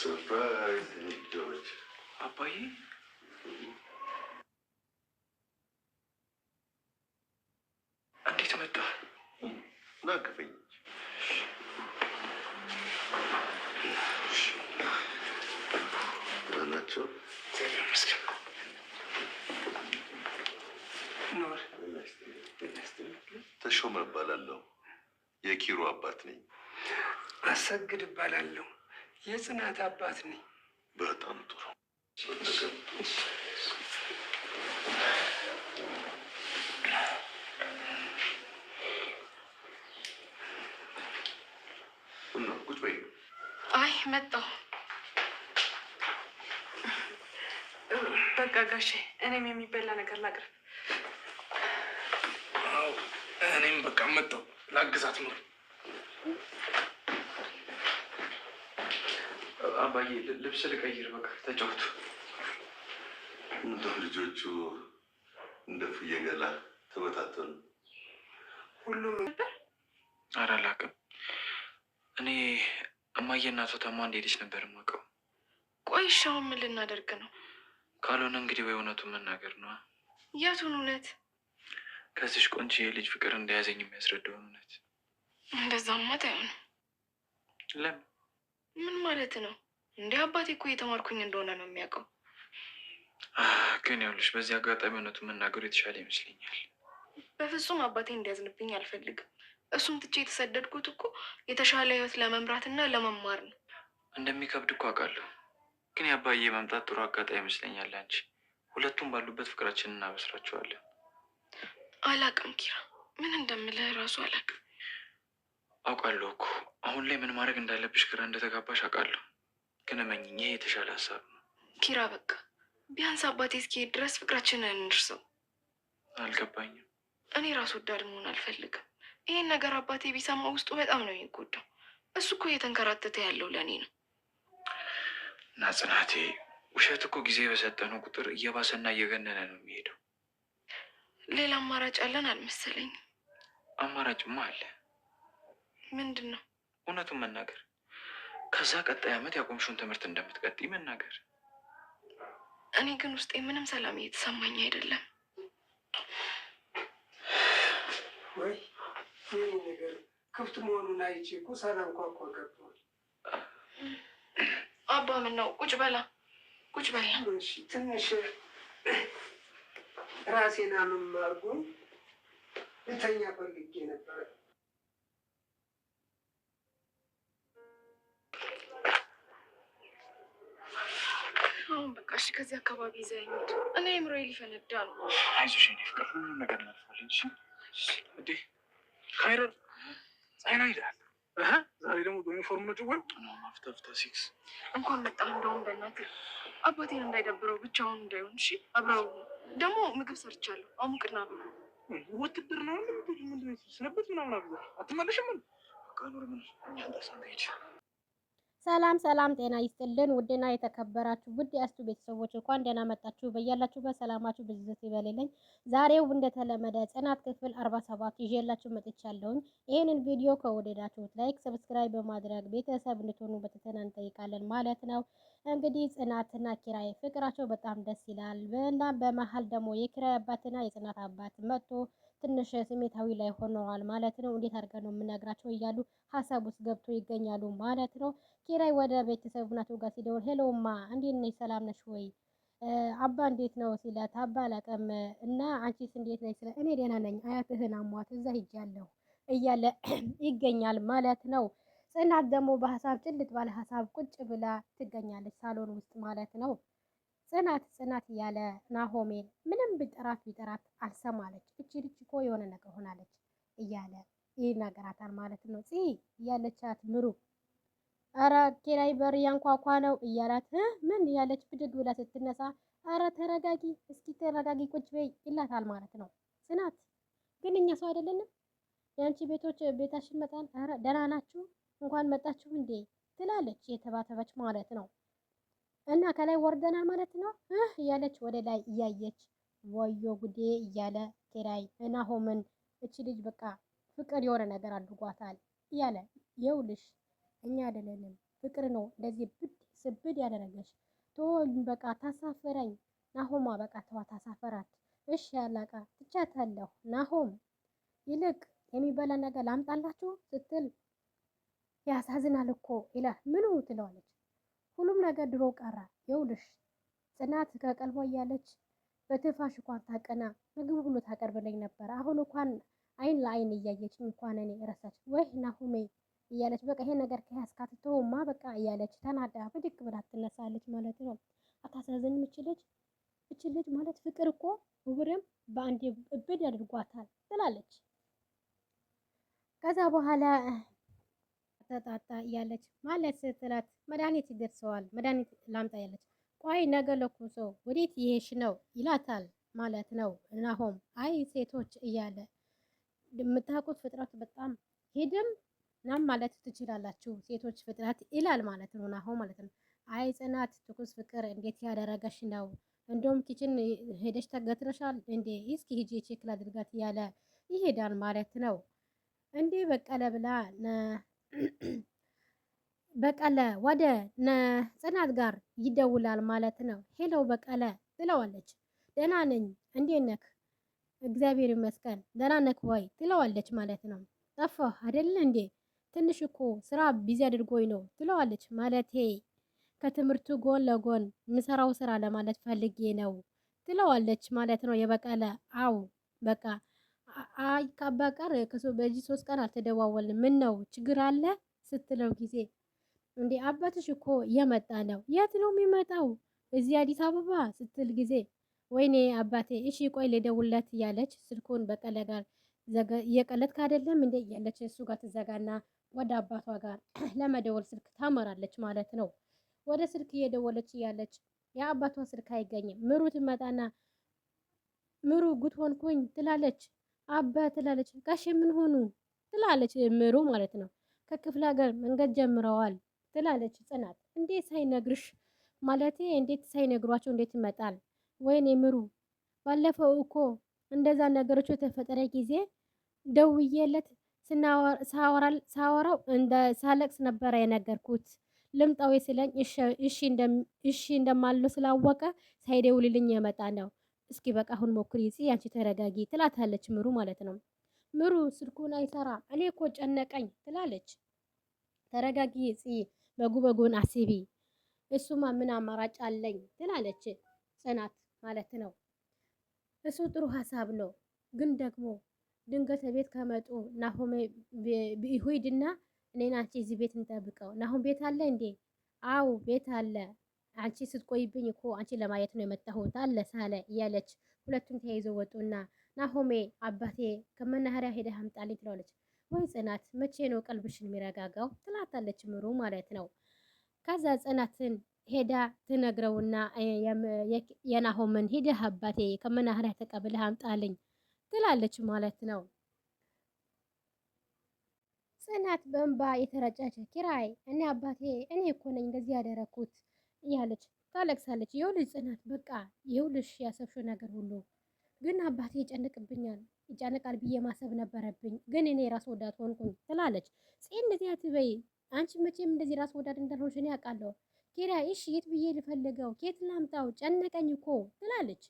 ሰርፕራይዝ ንግዶች አባዬ እንዴት መጣ? ናቅፈኝ ናቸው ተሾመ እባላለሁ። የኪሩ አባት ነኝ። አሰግድ እባላለሁ። የጽናት አባት ነኝ። በጣም ጥሩ። አይ መጣሁ። በቃ ጋሼ፣ እኔም የሚበላ ነገር ላቅርብ። እኔም በቃ መጣሁ ላግዛት ነው አባዬ ልብስ ልቀይር፣ በቃ ተጫወቱ። እንደው ልጆቹ እንደ ፍየገላ ተበታተኑ። ሁሉም ነበር። ኧረ አላውቅም። እኔ እማዬ እናቷ ታማ እንደሄደች ነበር የማውቀው። ቆይ እሺ፣ አሁን ምን ልናደርግ ነው? ካልሆነ እንግዲህ ወይ እውነቱን መናገር ነዋ። የቱን እውነት? ከዚሽ ቆንጆ የልጅ ፍቅር እንደያዘኝ የሚያስረዳውን እውነት። እንደዛማ አይሆንም። ለምን? ምን ማለት ነው? እንደ አባቴ እኮ እየተማርኩኝ እንደሆነ ነው የሚያውቀው። ግን ያሉሽ በዚህ አጋጣሚ እውነቱ መናገሩ የተሻለ ይመስለኛል። በፍጹም አባቴ እንዲያዝንብኝ አልፈልግም። እሱን ትቼ የተሰደድኩት እኮ የተሻለ ህይወት ለመምራትና ለመማር ነው። እንደሚከብድ እኮ አውቃለሁ፣ ግን የአባዬ መምጣት ጥሩ አጋጣሚ ይመስለኛል። አንቺ ሁለቱም ባሉበት ፍቅራችንን እናበስራቸዋለን። አላቅም ኪራ፣ ምን እንደምልህ ራሱ አላቅም። አውቃለሁ እኮ አሁን ላይ ምን ማድረግ እንዳለብሽ ግራ እንደተጋባሽ አውቃለሁ። ግን እመኝኝ፣ የተሻለ ሀሳብ ነው። ኪራ በቃ ቢያንስ አባቴ እስኪሄድ ድረስ ፍቅራችንን እንርሰው። አልገባኝም። እኔ ራስ ወዳድ መሆን አልፈልግም። ይሄን ነገር አባቴ ቢሰማ ውስጡ በጣም ነው የሚጎዳው። እሱ እኮ እየተንከራተተ ያለው ለእኔ ነው። እና ጽናቴ፣ ውሸት እኮ ጊዜ በሰጠነው ቁጥር እየባሰና እየገነነ ነው የሚሄደው። ሌላ አማራጭ አለን አልመሰለኝም። አማራጭማ አለ። ምንድን ነው? እውነቱን መናገር ከዛ ቀጣይ ዓመት ያቆምሽውን ትምህርት እንደምትቀጥይ መናገር። እኔ ግን ውስጤ ምንም ሰላም እየተሰማኝ አይደለም። ወይ ይህ ነገር ክፍት መሆኑን አይቼ እኮ ሰላም ኳኳ ገብቷል። አባ ምን ነው? ቁጭ በላ ቁጭ በላ። ትንሽ ራሴን አመማርጎኝ ልተኛ ፈልጌ ነበረ። አሁን በቃ እሺ፣ ከዚህ አካባቢ ይዘኝት እኔ ምሮ ሊፈነዳ ነው። አይዞሽ የእኔ ፍቅር፣ ሁሉም ነገር እናልፋለን። እንዴ ካይረ ጻይና ይላል። ዛሬ ደግሞ በዩኒፎርም ነው ጭወል አፍታፍታ ሲክስ እንኳን መጣ። እንደውም በእናትህ አባቴን እንዳይደብረው ብቻውን እንዳይሆን እሺ። አብረው ደግሞ ምግብ ሰርቻለሁ። አሙቅና ብሎ ወትድር ነው ምንድነው ስነበት ምናምን አብ አትመለሽም ምን ቃኖር ምን እኛ እንዳሳንሄድ ሰላም ሰላም፣ ጤና ይስጥልን ውድና የተከበራችሁ ውድ ያስቱ ቤተሰቦች እንኳን ደህና መጣችሁ። በያላችሁበት ሰላማችሁ ብዝት ይበልልኝ። ዛሬው እንደተለመደ ጽናት ክፍል 47 ይዤላችሁ መጥቻለሁኝ። ይህንን ቪዲዮ ከወደዳችሁት ላይክ፣ ሰብስክራይብ በማድረግ ቤተሰብ እንድትሆኑ በትህትና እንጠይቃለን ማለት ነው። እንግዲህ ጽናትና ኪራይ ፍቅራቸው በጣም ደስ ይላል እና በመሀል ደግሞ የኪራይ አባትና የጽናት አባት መጥቶ ትንሽ ስሜታዊ ላይ ሆነዋል ማለት ነው። እንዴት አድርገን ነው የምነግራቸው እያሉ ሀሳብ ውስጥ ገብቶ ይገኛሉ ማለት ነው። ኪራይ ወደ ቤተሰቡ ናት ጋር ሲደውል ሄሎማ እንዴት ነሽ? ሰላም ነሽ ወይ? አባ እንዴት ነው ሲላት፣ አባ አላውቅም እና አንቺስ እንዴት ነች ሲላት፣ እኔ ደህና ነኝ አያትህን አሟት እዛ ሂጃለሁ እያለ ይገኛል ማለት ነው። ጽናት ደግሞ በሀሳብ ጭልጥ ባለ ሀሳብ ቁጭ ብላ ትገኛለች ሳሎን ውስጥ ማለት ነው። ጽናት ጽናት እያለ ናሆሜን ምንም ቢጠራት ቢጠራት አልሰማለች። እቺ ልጅ እኮ የሆነ ነገር ሆናለች እያለ ይናገራታል ማለት ነው። ጽ እያለቻት ምሩ አረ ኪራይ በር ያንኳኳ ነው እያላት ምን እያለች ብድግ ብላ ስትነሳ አረ ተረጋጊ፣ እስኪ ተረጋጊ፣ ቁጭ በይ ይላታል ማለት ነው። ጽናት ግን እኛ ሰው አይደለንም የአንቺ ቤቶች ቤታሽን መጣን ደህና ናችሁ እንኳን መጣችሁ እንዴ ትላለች የተባተበች ማለት ነው። እና ከላይ ወርደናል ማለት ነው እያለች ወደ ላይ እያየች ወዮ ጉዴ እያለ ኪራይ ናሆምን እቺ ልጅ በቃ ፍቅር የሆነ ነገር አድርጓታል እያለ የውልሽ እኛ አይደለንም ፍቅር ነው እንደዚህ ብድ ስብድ ያደረገች ቶል በቃ ታሳፈረኝ ናሆማ በቃ ተዋ ታሳፈራት እሺ ያላቃ ትቻታለሁ ናሆም ይልቅ የሚበላ ነገር ላምጣላችሁ ስትል ያሳዝናል እኮ ይላል ምኑ ትለዋለች ሁሉም ነገር ድሮ ቀረ። ይኸውልሽ ጽናት ከቀልቧ እያለች በትንፋሽ እንኳን ታቀና ምግብ ሁሉ ታቀርብልኝ ነበር። አሁን እንኳን አይን ለአይን እያየች እንኳን እኔ ረሳች ወይ ናሁሜ እያለች በቃ ይሄ ነገር ከያስካትተውማ በቃ እያለች ተናዳ ብድቅ ብላ ትነሳለች ማለት ነው። አታሳዝን ምችለች ምችለች ማለት ፍቅር እኮ ውብርም በአንድ እብድ ያድርጓታል ትላለች። ከዛ በኋላ ተጣጣ እያለች ማለት ስትላት መድኃኒት ይደርሰዋል። መድኃኒት ላምጣ ያለች ቆይ ነገ ለኩሶ ወዴት ይሄሽ ነው ይላታል ማለት ነው። ናሆም አይ ሴቶች እያለ የምታውቁት ፍጥረት በጣም ሄድም ናም ማለት ትችላላችሁ ሴቶች ፍጥረት ይላል ማለት ነው። ናሆም ማለት ነው። አይ ጽናት ትኩስ ፍቅር እንዴት ያደረገሽ ነው እንደውም ኪችን ሄደሽ ተገትረሻል እንዴ እስኪ ሂጂ ቼክል አድርጋት እያለ ይሄዳል ማለት ነው። እንዴ በቀለ ብላ በቀለ ወደ ጽናት ጋር ይደውላል ማለት ነው። ሄሎ በቀለ ትለዋለች። ደህና ነኝ፣ እንዴት ነህ? እግዚአብሔር ይመስገን ደህና ነህ ወይ ትለዋለች ማለት ነው። ጠፋህ አይደል እንዴ? ትንሽ እኮ ስራ ቢዚ አድርጎኝ ነው ትለዋለች። ማለቴ ከትምህርቱ ጎን ለጎን የምሰራው ስራ ለማለት ፈልጌ ነው ትለዋለች ማለት ነው። የበቀለ አው በቃ አይ ከአባ ቀር በዚህ ሶስት ቀን አልተደዋወልንም። ምን ነው ችግር አለ ስትለው ጊዜ እንዴ አባትሽ እኮ የመጣ ነው። የት ነው የሚመጣው? እዚህ አዲስ አበባ ስትል ጊዜ ወይኔ አባቴ፣ እሺ ቆይ ልደውልለት እያለች ስልኩን በቀለ ጋር የቀለት ካደለም እንዴ እያለች እሱ ጋር ትዘጋና ወደ አባቷ ጋር ለመደወል ስልክ ታመራለች ማለት ነው። ወደ ስልክ እየደወለች እያለች የአባቷ ስልክ አይገኝም። ምሩ ትመጣና ምሩ ጉድ ሆንኩኝ ትላለች። አባ ትላለች። ጋሽ ምን ሆኑ ትላለች ምሩ ማለት ነው። ከክፍለ ሀገር መንገድ ጀምረዋል ትላለች ጽናት። እንዴት ሳይነግርሽ ማለት እንዴት ሳይነግሯቸው እንዴት ይመጣል? ወይኔ ምሩ፣ ባለፈው እኮ እንደዛ ነገሮች የተፈጠረ ጊዜ ደውዬለት ሳወራው እንደ ሳለቅስ ነበረ የነገርኩት። ልምጣዊ ስለኝ እሺ እንደማለው ስላወቀ ሳይደውልልኝ የመጣ ነው። እስኪ በቃ አሁን ሞክሪ ጽ አንቺ ተረጋጊ ትላታለች ምሩ ማለት ነው። ምሩ ስልኩን አይሰራ እኔ እኮ ጨነቀኝ ትላለች። ተረጋጊ ጽ በጉ በጎን አስቢ፣ እሱማ ምን አማራጭ አለኝ ትላለች ጽናት ማለት ነው። እሱ ጥሩ ሀሳብ ነው፣ ግን ደግሞ ድንገት ቤት ከመጡ ናሆም ሂድና እኔን አንቺ እዚህ ቤት እንጠብቀው። ናሆም ቤት አለ እንዴ? አው ቤት አለ። አንቺ ስትቆይብኝ እኮ አንቺ ለማየት ነው የመጣሁት አለ ሳለ እያለች ሁለቱም ተያይዘው ወጡና ናሆሜ አባቴ ከመናኸሪያ ሄደህ አምጣልኝ ትለዋለች። ወይ ጽናት መቼ ነው ቀልብሽን የሚረጋጋው? ትላታለች ምሩ ማለት ነው። ከዛ ጽናትን ሄዳ ትነግረውና የናሆምን ሂደህ አባቴ ከመናኸሪያ ተቀብለህ አምጣልኝ ትላለች ማለት ነው። ጽናት በእንባ የተረጨች ኪራይ እኔ አባቴ እኔ እኮ ነኝ እንደዚህ ያደረኩት እያለች ታለቅሳለች። ይኸውልሽ ጽናት በቃ ይኸውልሽ ያሰብሽው ነገር ሁሉ ግን አባቴ ይጨንቅብኛል ይጨንቃል ብዬ ማሰብ ነበረብኝ፣ ግን እኔ ራስ ወዳድ ሆንኩኝ ትላለች ፄ። እንደዚህ አትበይ አንቺ መቼም እንደዚህ ራስ ወዳድ እንዳልሆንሽ እኔ አውቃለሁ። ኪራይ እሺ የት ብዬ ልፈልገው ኬት ላምጣው ጨነቀኝ እኮ ትላለች።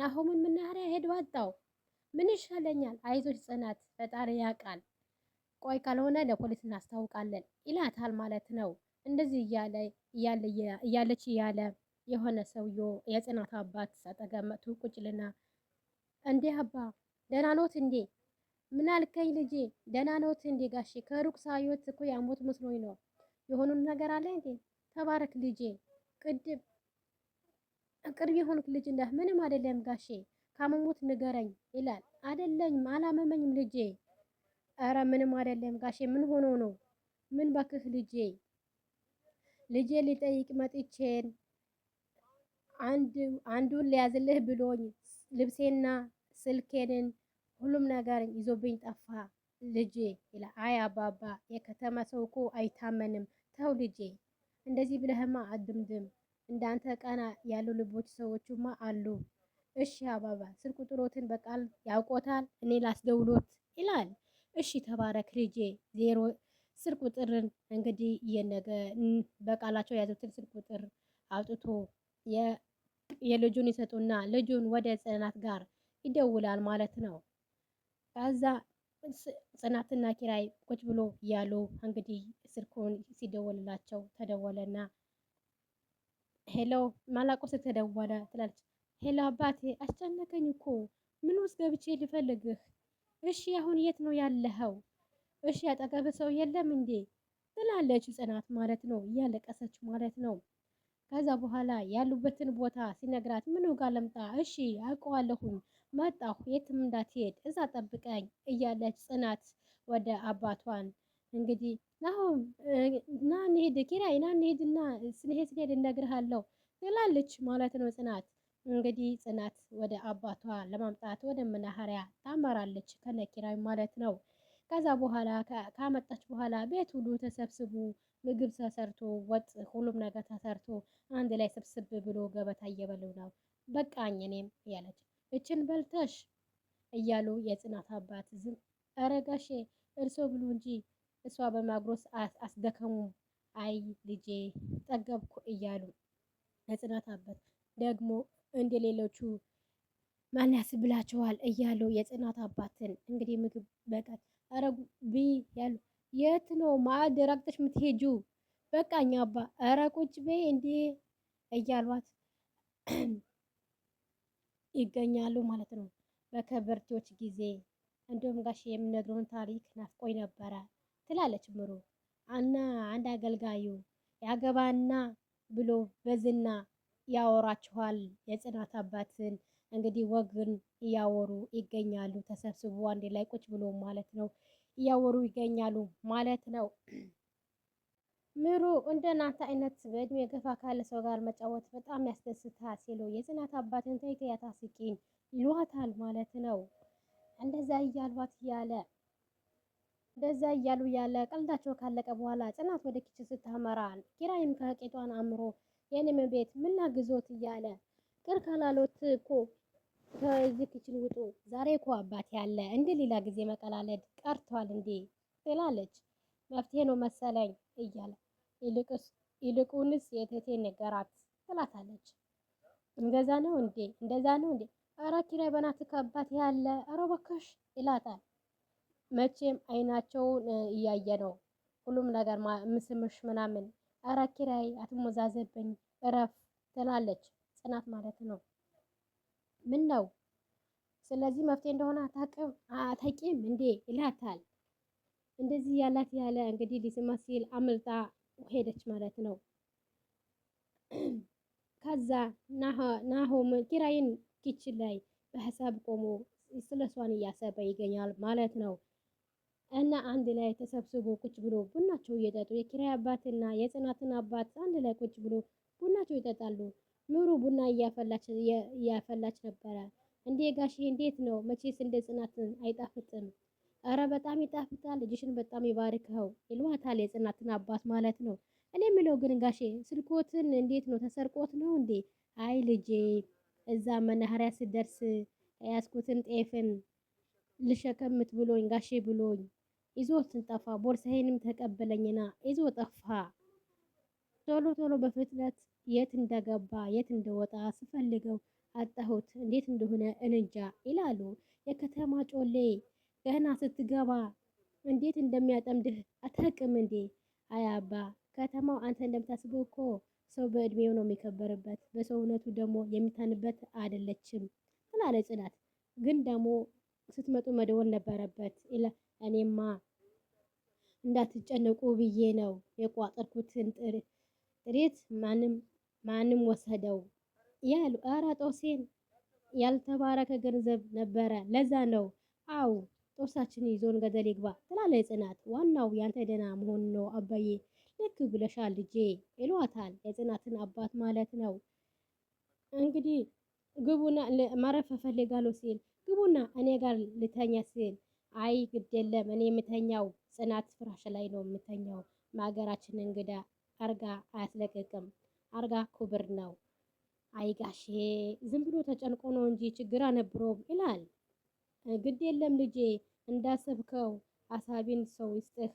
ናሆምን መናኸሪያ ሄድ ባጣው ምን ይሻለኛል? አይዞች ጽናት፣ ፈጣሪ ያውቃል። ቆይ ካልሆነ ለፖሊስ እናስታውቃለን ይላታል ማለት ነው። እንደዚህ እያለ እያለች እያለ የሆነ ሰውዬ የጽናት አባት አጠገብ መጥቶ ቁጭ ልና እንዲህ አባ ደህና ኖት እንዴ? ምን አልከኝ ልጄ? ደህና ኖት እንዴ ጋሼ? ከሩቅ ሳይወት እኮ ያሞት መስሎኝ ነው። የሆኑን ነገር አለ እንዴ? ተባረክ ልጄ። ቅድም ቅርብ የሆኑት ልጅ እንደ ምንም አይደለም ጋሼ። ካመሙት ንገረኝ ይላል። አይደለኝም፣ አላመመኝም ልጄ። አረ ምንም አይደለም ጋሼ። ምን ሆኖ ነው? ምን ባክህ ልጄ ልጄ ሊጠይቅ መጥቼን አንዱን ሊያዝልህ ብሎኝ ልብሴና ስልኬንን ሁሉም ነገር ይዞብኝ ጠፋ ልጄ ይላል። አይ አባባ የከተማ ሰው እኮ አይታመንም፣ ተው ልጄ እንደዚህ ብለህማ አድምድም። እንዳንተ ቀና ያሉ ልቦች ሰዎቹማ አሉ። እሺ አባባ ስልክ ቁጥሮትን በቃል ያውቆታል፣ እኔ ላስደውሎት ይላል። እሺ ተባረክ ልጄ ዜሮ ስልክ ቁጥርን እንግዲህ የነገ በቃላቸው የያዙትን ስልክ ቁጥር አውጥቶ የልጁን ይሰጡና ልጁን ወደ ጽናት ጋር ይደውላል ማለት ነው። ከዛ ጽናትና ኪራይ ቁጭ ብሎ ያሉ እንግዲህ ስልኩን ሲደወልላቸው ተደወለና ሄሎ ማላቆ ተደወለ ትላለች። ሄሎ አባቴ አስጨነቀኝ እኮ ምን ውስጥ ገብቼ ልፈልግህ? እሺ አሁን የት ነው ያለኸው? እሺ ያጠገብ ሰው የለም እንዴ? ትላለች ጽናት ማለት ነው፣ እያለቀሰች ማለት ነው። ከዛ በኋላ ያሉበትን ቦታ ሲነግራት ምን ጋር ለምጣ እሺ አውቀዋለሁኝ መጣሁ የትም እንዳትሄድ እዛ ጠብቀኝ እያለች ጽናት ወደ አባቷን እንግዲህ ናሁም ና እንሂድ ኪራይ ና ና ስንሄድ ስንሄድ እነግርሃለሁ ትላለች ማለት ነው ጽናት እንግዲህ ጽናት ወደ አባቷ ለማምጣት ወደ መናኸሪያ ታመራለች ከነኪራይ ማለት ነው ከዛ በኋላ ካመጣች በኋላ ቤት ሁሉ ተሰብስቡ ምግብ ተሰርቶ ወጥ ሁሉም ነገር ተሰርቶ አንድ ላይ ስብስብ ብሎ ገበታ እየበሉ ነው በቃኝ እኔም ያለች እችን በልተሽ እያሉ የጽናት አባት ዝም አረጋሼ እርሶ ብሉ እንጂ እሷ በማጉረስ አስደከሙ። አይ ልጄ ጠገብኩ እያሉ የጽናት አባት ደግሞ እንደ ሌሎቹ ማን ያስብላችኋል እያሉ የጽናት አባትን እንግዲህ ምግብ በቃት አረጉ ቢ ያሉ የት ነው ማዕድ ረግጠሽ ምትሄጁ? በቃ በቃኝ አባ አረ ቁጭ በይ እንዴ እያሏት ይገኛሉ ማለት ነው። በከበርቴዎች ጊዜ እንዲሁም ጋሽ የሚነግረውን ታሪክ ናፍቆኝ ነበረ ትላለች ምሩ እና አንድ አገልጋዩ ያገባና ብሎ በዝና ያወራችኋል። የጽናት አባትን እንግዲህ ወግን እያወሩ ይገኛሉ። ተሰብስቦ አንድ ላይ ቁጭ ብሎ ማለት ነው እያወሩ ይገኛሉ ማለት ነው። ምሩ እንደ ናታ አይነት በእድሜ ገፋ ካለ ሰው ጋር መጫወት በጣም ያስደስታል ሲሉ የጽናት አባትን ተይ ከያታ ይሏታል ማለት ነው። እንደዛ እያሏት እያለ እንደዛ እያሉ ያለ ቀልዳቸው ካለቀ በኋላ ጽናት ወደ ኪችን ስታመራ ኪራይም ከቄጧን አምሮ የኔም ቤት ምን ላግዞት እያለ ቅር ካላሎት እኮ ከዚህ ኪችን ውጡ፣ ዛሬ እኮ አባት ያለ እንደ ሌላ ጊዜ መቀላለድ ቀርቷል እንዴ ትላለች። መፍትሄ ነው መሰለኝ እያለ ይልቁንስ የእህቴ ንገራት ትላታለች። እንደዛ ነው እንዴ? እንደዛ ነው እንዴ? ኧረ ኪራይ በናትህ ከአባቴ ያለ ኧረ እባክሽ ይላታል። መቼም አይናቸውን እያየ ነው ሁሉም ነገር ምስምሽ ምናምን። ኧረ ኪራይ አትሞዛዘብኝ እረፍ ትላለች። ጽናት ማለት ነው። ምን ነው ስለዚህ መፍትሄ እንደሆነ አታውቅም አታውቂም እንዴ ይላታል። እንደዚህ ያላት ያለ እንግዲህ ሊስማት ሲል አምልጣ ሄደች ማለት ነው። ከዛ ናሆም ኪራይን ኪችን ላይ በሀሳብ ቆሞ ስለሷን እያሰበ ይገኛል ማለት ነው። እና አንድ ላይ ተሰብስቦ ቁጭ ብሎ ቡናቸው እየጠጡ የኪራይ አባትና የጽናትን አባት አንድ ላይ ቁጭ ብሎ ቡናቸው ይጠጣሉ። ኑሩ ቡና እያፈላች ነበረ። እንዴ ጋሽ እንዴት ነው? መቼስ እንደ ጽናትን አይጣፍጥም እረ በጣም ይጣፍጣል፣ ልጅሽን በጣም ይባርከው ይሏታል፣ የጽናትን አባት ማለት ነው። እኔ የምለው ግን ጋሼ ስልኮትን እንዴት ነው ተሰርቆት ነው እንዴ? አይ ልጄ እዛ መናኸሪያ ስደርስ ያስኩትን ጤፍን ልሸከምት ብሎኝ ጋሼ ብሎኝ ይዞትን ጠፋ። ቦርሳዬንም ተቀበለኝና ይዞ ጠፋ። ቶሎ ቶሎ በፍጥነት የት እንደገባ የት እንደወጣ ስፈልገው አጣሁት። እንዴት እንደሆነ እንጃ ይላሉ የከተማ ጮሌ ገና ስትገባ እንዴት እንደሚያጠምድህ አታውቅም እንዴ? አይ አባ ከተማው አንተ እንደምታስበው እኮ ሰው በእድሜው ነው የሚከበርበት፣ በሰውነቱ ደግሞ የሚታንበት አይደለችም ትላለ ጽናት። ግን ደግሞ ስትመጡ መደወል ነበረበት። እኔማ እንዳትጨነቁ ብዬ ነው የቋጠርኩትን ጥሪት ማንም ማንም ወሰደው ያሉ አራጦሴን ያልተባረከ ገንዘብ ነበረ። ለዛ ነው አው ጥርሳችን ይዞን ገደል ይግባ ትላለች ጽናት። ዋናው ያንተ ደህና መሆን ነው አባዬ፣ ልክ ብለሻል ልጄ ይሏታል። የጽናትን አባት ማለት ነው። እንግዲህ ግቡና ማረፍ እፈልጋለሁ ሲል ግቡና እኔ ጋር ልተኛ ሲል አይ ግድ የለም እኔ የምተኛው ጽናት ፍራሽ ላይ ነው የምተኛው። ማገራችን እንግዳ አርጋ አያስለቅቅም። አርጋ ክብር ነው። አይ ጋሼ ዝም ብሎ ተጨንቆ ነው እንጂ ችግር አነብሮም ይላል። ግድ የለም ልጄ እንዳሰብከው አሳቢን ሰው ይስጥህ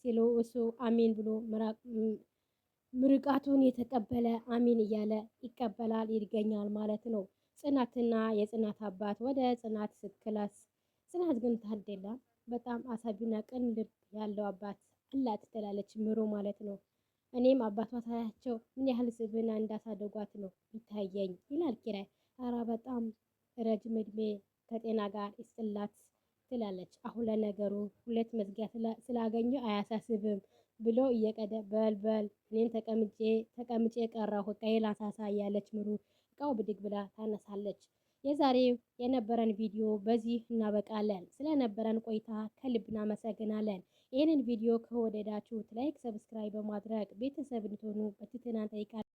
ሲሉ እሱ አሜን ብሎ ምርቃቱን የተቀበለ አሜን እያለ ይቀበላል ይገኛል ማለት ነው። ጽናትና የጽናት አባት ወደ ጽናት ስትክላስ ጽናት ግን ታደላ በጣም አሳቢና ቅን ልብ ያለው አባት አላት ትላለች ምሩ ማለት ነው። እኔም አባቷ ታያቸው ምን ያህል ስብና እንዳሳደጓት ነው ይታየኝ ይላል ኪራይ። ኧረ በጣም ረጅም እድሜ ከጤና ጋር ይስጥላት ትላለች። አሁን ለነገሩ ሁለት መዝጊያ ስላገኘ አያሳስብም ብሎ እየቀደ በልበል እኔን ተቀምጬ ተቀምጬ ቀረሁ እቃዬ ላሳሳ እያለች ምሩ እቃው ብድግ ብላ ታነሳለች። የዛሬው የነበረን ቪዲዮ በዚህ እናበቃለን። ስለነበረን ቆይታ ከልብ እናመሰግናለን። ይህንን ቪዲዮ ከወደዳችሁት ላይክ፣ ሰብስክራይብ በማድረግ ቤተሰብ እንድትሆኑ በትህትና እንጠይቃለን።